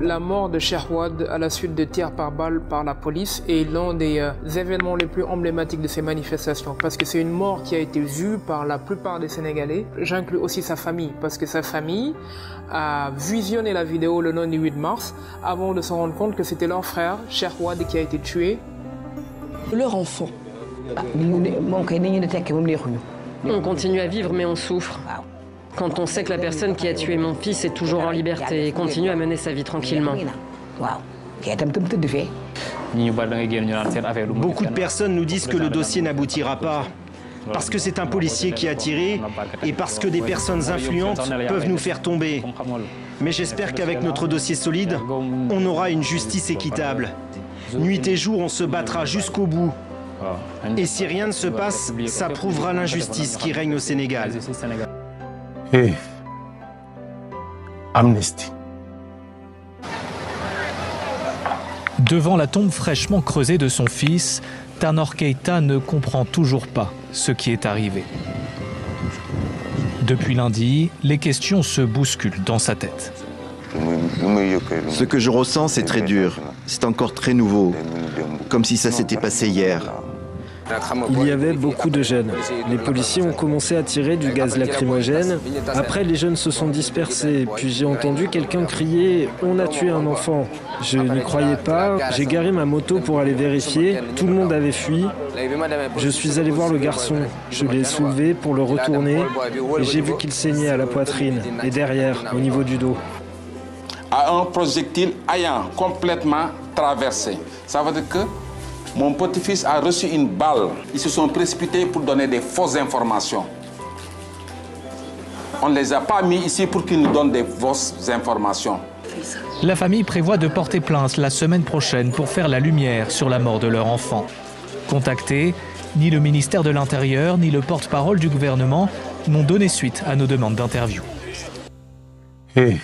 La mort de Sherwood à la suite de tirs par balle par la police est l'un des événements les plus emblématiques de ces manifestations parce que c'est une mort qui a été vue par la plupart des Sénégalais. J'inclus aussi sa famille parce que sa famille a visionné la vidéo le du 8 mars avant de se rendre compte que c'était leur frère Sherwood qui a été tué. Leur enfant. On continue à vivre, mais on souffre. Quand on sait que la personne qui a tué mon fils est toujours en liberté et continue à mener sa vie tranquillement. Beaucoup de personnes nous disent que le dossier n'aboutira pas. Parce que c'est un policier qui a tiré et parce que des personnes influentes peuvent nous faire tomber. Mais j'espère qu'avec notre dossier solide, on aura une justice équitable. Nuit et jour, on se battra jusqu'au bout et si rien ne se passe, ça prouvera l'injustice qui règne au Sénégal. Eh, Amnesty. Devant la tombe fraîchement creusée de son fils, Tanor Keita ne comprend toujours pas ce qui est arrivé. Depuis lundi, les questions se bousculent dans sa tête. Ce que je ressens, c'est très dur. C'est encore très nouveau, comme si ça s'était passé hier. Il y avait beaucoup de jeunes. Les policiers ont commencé à tirer du gaz lacrymogène. Après, les jeunes se sont dispersés. Puis j'ai entendu quelqu'un crier ⁇ On a tué un enfant !⁇ Je n'y croyais pas. J'ai garé ma moto pour aller vérifier. Tout le monde avait fui. Je suis allé voir le garçon. Je l'ai soulevé pour le retourner. et J'ai vu qu'il saignait à la poitrine et derrière, au niveau du dos à un projectile ayant complètement traversé. Ça veut dire que mon petit-fils a reçu une balle. Ils se sont précipités pour donner des fausses informations. On ne les a pas mis ici pour qu'ils nous donnent des fausses informations. La famille prévoit de porter plainte la semaine prochaine pour faire la lumière sur la mort de leur enfant. Contactés, ni le ministère de l'Intérieur ni le porte-parole du gouvernement n'ont donné suite à nos demandes d'interview. Eh,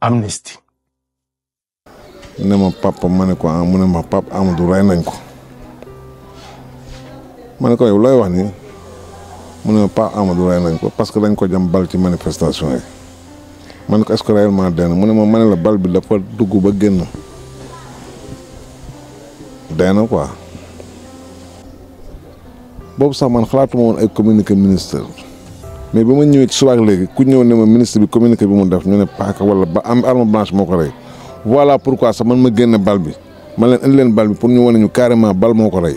amnistie. ne ma papa ma ne ko ah mu ne ma papa Amadou rey nañ ko ma ne ko yow looy wax nii mu ne ma papa Amadou rey nañ ko parce que dañ ko jam bal ci manifestation yi ma ko est-ce ma réellement dee na mu ne ma ma ne la bal bi dafa dugg ba génn dee na quoi boobu sax man xalaatuma woon ay communiqué ministère. mais ba ma ñëwee ci subaak légui ku ñëw né ma ministre bi communiquer bi mu def ñu né paaka wala ba am arme blanche moko ray voilà pourquoi sax man ma génne bal bi ma leen indi leen bal bi pour ñu wane ñu carrément bal moko ray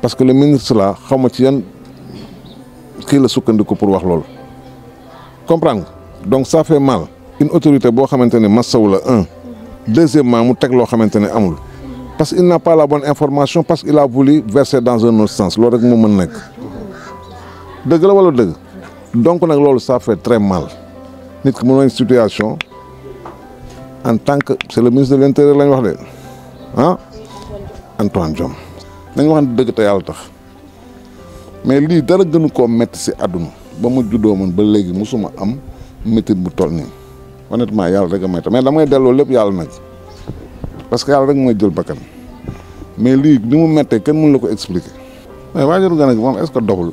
parce que le ministre là xamu ci yan ki la sukkandiku pour wax lool comprendre donc ça fait mal une autorité boo xamante ne masawu la un deuxièmement mu teg loo xamante ne amul parce qu'il n'a pas la bonne information parce qu'il a voulu verser dans un autre sens loolu rek moo mën nekk dëgg la wala dëgg donc nak loolu ça fait très mal nit ki mën nañ situation en tant que c'est le ministre de l'intérieur intérieur lañ wax de Hein? Antoine Diome nañ wax deug te yalla tax mais li dara gënu ko metti ci aduna ba mu juddoo man ba légui musuma am metti bu toll nii honnêtement yalla rek a may mais damay delloo lépp yàlla nag parce que yalla rek mooy jël bakkan mais li ni mu méttee kenn mënu la ko expliquer mais waajur nga nag moom est ce que doxul.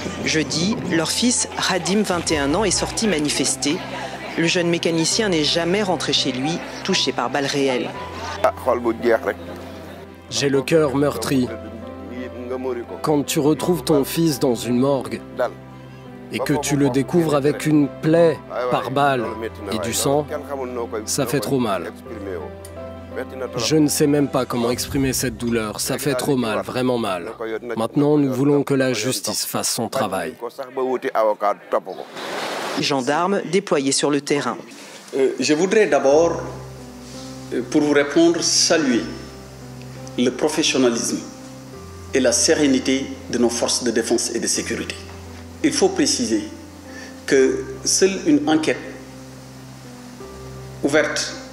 Jeudi, leur fils, Radim, 21 ans, est sorti manifester. Le jeune mécanicien n'est jamais rentré chez lui, touché par balles réelles. J'ai le cœur meurtri. Quand tu retrouves ton fils dans une morgue et que tu le découvres avec une plaie par balle et du sang, ça fait trop mal. Je ne sais même pas comment exprimer cette douleur. Ça fait trop mal, vraiment mal. Maintenant, nous voulons que la justice fasse son travail. Gendarmes déployés sur le terrain. Euh, je voudrais d'abord, euh, pour vous répondre, saluer le professionnalisme et la sérénité de nos forces de défense et de sécurité. Il faut préciser que seule une enquête ouverte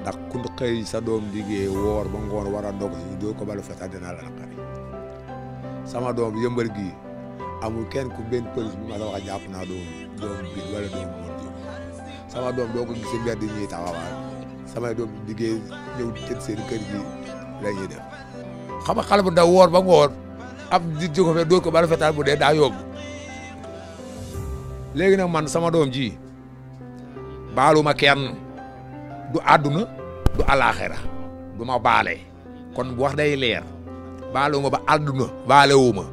ndax ku xëy sa doom liggéey woor ba ngoon war a ndog si doo ko balu feta dinaa la naqari sama doom yëmbal gii amul kenn ku benn pëlis bu ma la wax jàpp naa doom doom bi wala doom moon ji sama doom doo ko gis si mbedd ñuy taxawaal samay doom liggéey ñëw tëdd seen kër gi la ñuy def xam nga xale bu ndaw woor ba ngoon ab di ji ko fe doo ko balu fetal bu dee daa yóbbu léegi nag man sama doom ji baaluma kenn du àdduna du alaaxira du ma baale kon bu wax day leer baalewuma ba àdduna baalewuma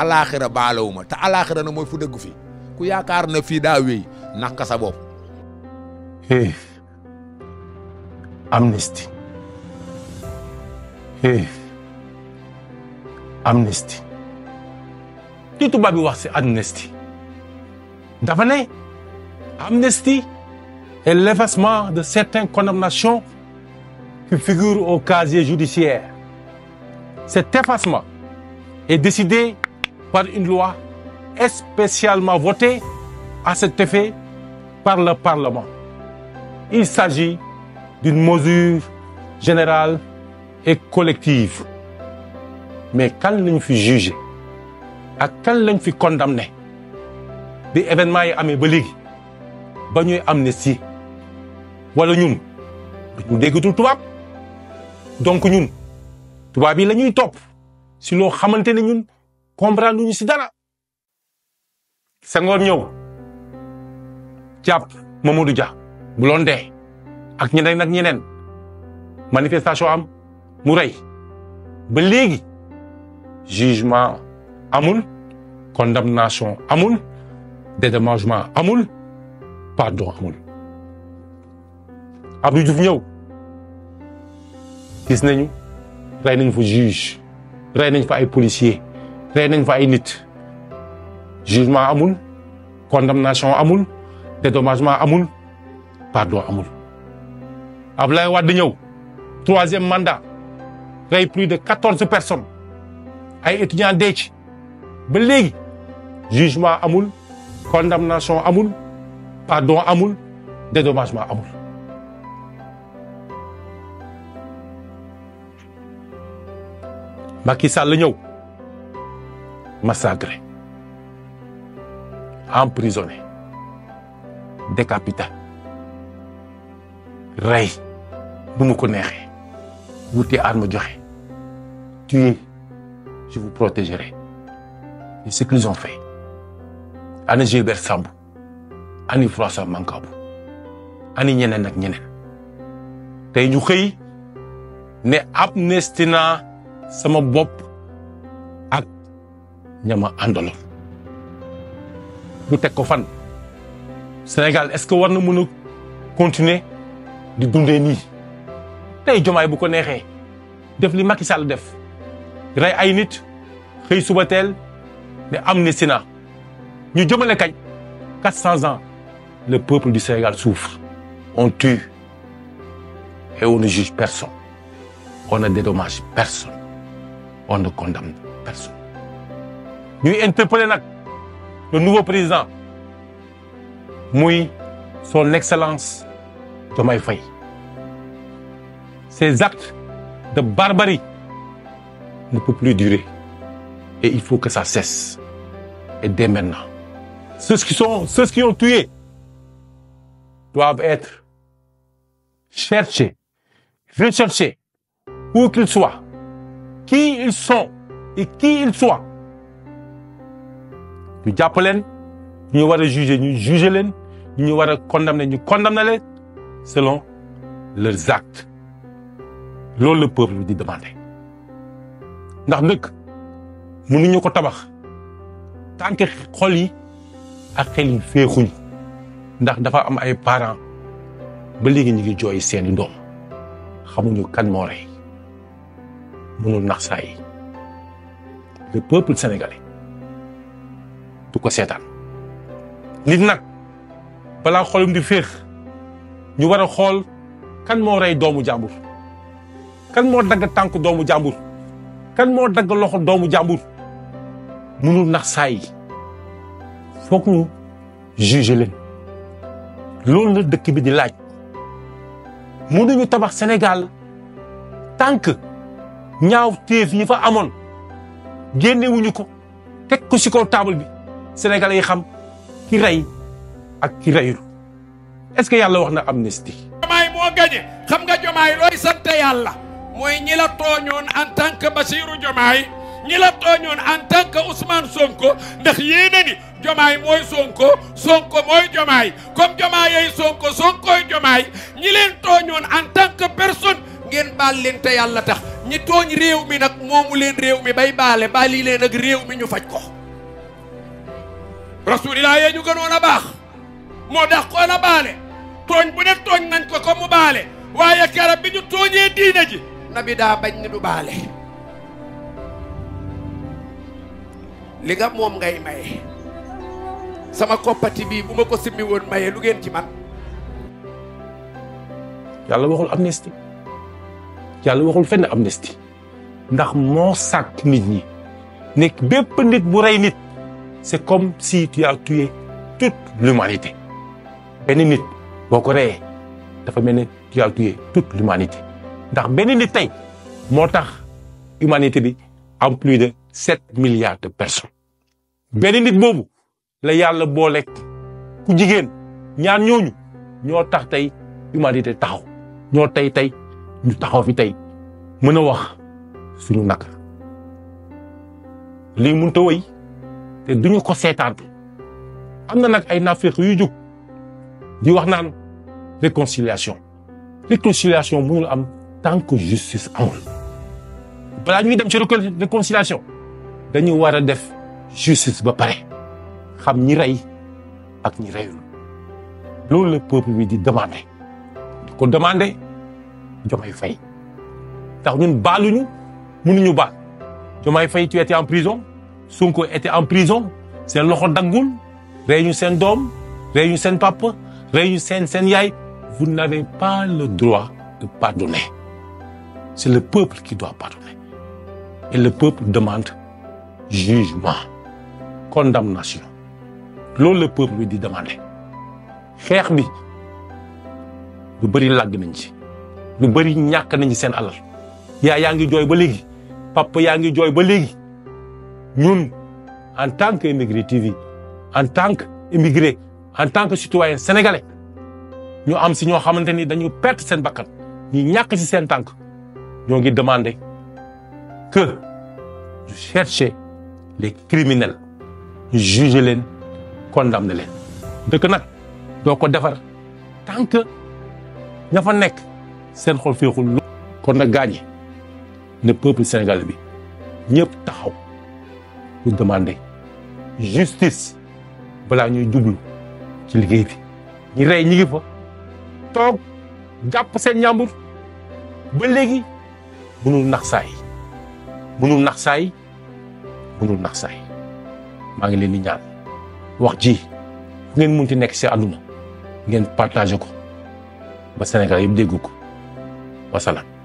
alaaxira baalewuma te alaaxira na mooy fu dëgg fi ku yaakaar na fii daa wéy nax nga sa bopp. hey amnesty hey amnesty bi wax si amnesty dafa ne amnesty. et l'effacement de certaines condamnations qui figurent au casier judiciaire. Cet effacement est décidé par une loi spécialement votée à cet effet par le Parlement. Il s'agit d'une mesure générale et collective. Mais quand nous fut jugé, à quand nous fut condamné, des événements yi amé ba wala ñun dañu déggatul tubaab donc ñun tubaab yi la ñuy topp si loo xamante ne ñun comprendre ñu si dara sangoor ñëw jàpp mamadou dia blondé ak ñeneen ak ñeneen manifestation am mu rey ba léegi jugement amul condamnation amul dédommagement amul pardon amul Abdou Diouf ñëw gis nañu rey nañ fa juge rey nañ fa ay policier rey nañ fa ay nit jugement amul condamnation amul dédommagement amul pardon amul Ablaye Wade ñëw troisième mandat rey plus de 14 personnes ay étudiants dee ci ba léegi jugement amul condamnation amul pardon amul dédommagement amul Macky massacré emprisonné décapité rey bu mu ko vous arme je vous protégerai et ce qu'ils ont fait ana Gilbert Sambou ani François Mankabou ani ñeneen ñu ne amnestina sama bopp ak ñama ñu teg ko fan Sénégal est-ce que war na mën a continuer di dundee nii bu ko def li def nit ne sina ñu jëmale ans le peuple du Sénégal souffre on tue et on ne juge personne on ne dédommage personne on ne condamne personne. Nous interpellons le nouveau président Moui, son excellence Thomas Faye ces actes de barbarie ne peuvent plus durer et il faut que ça cesse et dès maintenant ceux qui sont ceux qui ont tué doivent être cherchés recherchés où qu'ils soient qui ils sont et qui ils soient nous appelons, nous ñu juger nous juger nous ñu condamner nous condamner selon leurs actes que le peuple lui demander ndax nous ko tabax tant que xol yi ak xel yi ndax dafa am parents ba mënul nax saa yi le peuple sénégalais du ko seetaan nit nag balaa xolum di féex ñu war a xool kan moo rey doomu jàmbur kan moo dagg tànk doomu jàmbur kan moo dagg loxo doomu jàmbur mënul nax saa yi foog ñu juge leen loolu la dëkk bi di laaj mënuñu tabax Sénégal tànk ñaaw téef yi fa amoon génnewuñu ko teg ko si kaw taabal bi sénégalais yi xam ki rey ak ki reyul est ce que yàlla wax na amnistie. jomaay moo gañe xam nga jomaay looy sant yàlla mooy ñi la tooñoon en tant que Bassirou Diomaye ñi la tooñoon en tant que Ousmane Sonko ndax yéene ni jomaay mooy Sonko Sonko mooy jomaay comme jomaay yooyu Sonko Sonkooy jomaay ñi leen tooñoon en tant que ngeen baal leen te yàlla tax. ñi tooñ réew mi nag moomu réew mi bay baale baa leen ak réew mi ñu faj ko rasulillah yee ñu gënoon a baax moo dax koon a tooñ bu ne tooñ nañ ko ko mu baale waaye karab bi ñu tooñee nabi daa bañ ni du baale li nga moom ngay maye sama koppati bii bu ma ko simmi woon maye lu ngeen ci man yàlla waxul amnistie yàlla waxul fenn amnistie ndax moo sàkk nit ñi ne bépp nit bu rey nit c'est comme si tu as tué toute l'humanité benn nit boo ko reyee dafa mel ne tu as tué toute l'humanité ndax benn nit tey moo tax humanité bi am plus de sept milliards de personnes benn nit boobu la yàlla boole ku jigéen ñaar ñooñu ñoo tax tey humanité taxaw ñoo tey tey ñu taxaw fi tey mën a wax suñu lii a duñu ko seetaan am na nag ay nafiq yu di wax réconciliation réconciliation tant que justice amul balaa ñuy dem ci réconciliation dañu def justice ba pare xam ñi ak peuple bi di Diomaye nous ndax ñun baaluñu mënuñu baal Jomai Fay, tu étais en prison Sonko était en prison C'est loxo daggul rey ñu dom doom rey papa rey ñu seen vous n'avez pas le droit de pardonner c'est le peuple qui doit pardonner et le peuple demande jugement condamnation loolu le peuple lui dit demander xeex bi lu bëri de ñu bëri ñàkk nañu seen alal yaa yaa ngi jooy ba léegi papa yaa ngi jooy ba léegi ñun en tant que immigré TV en tant que immigré en tant que citoyen sénégalais ñu am si ñoo xamante ni dañu perte seen bakkan ñu ñàkk si seen tànk ñoo ngi demander que ñu chercher les criminels ñu juger leen condamner leen dëkk nag doo ko defar tant que ña fa nekk seen xol féexul kon nag gaañi ne peuple sénégalais bi ñëpp taxaw pour demander justice balaa ñuy jublu ci liggéey bi ñu rey ñi ngi fa toog jàpp seen ñàmbur ba léegi mënul nax saay mënul nax saay mënul nax saay maa ngi leen di ñaan wax ji fu ngeen munti nekk si àdduna ngeen partage ko ba Sénégal yëpp dégg ko وسلام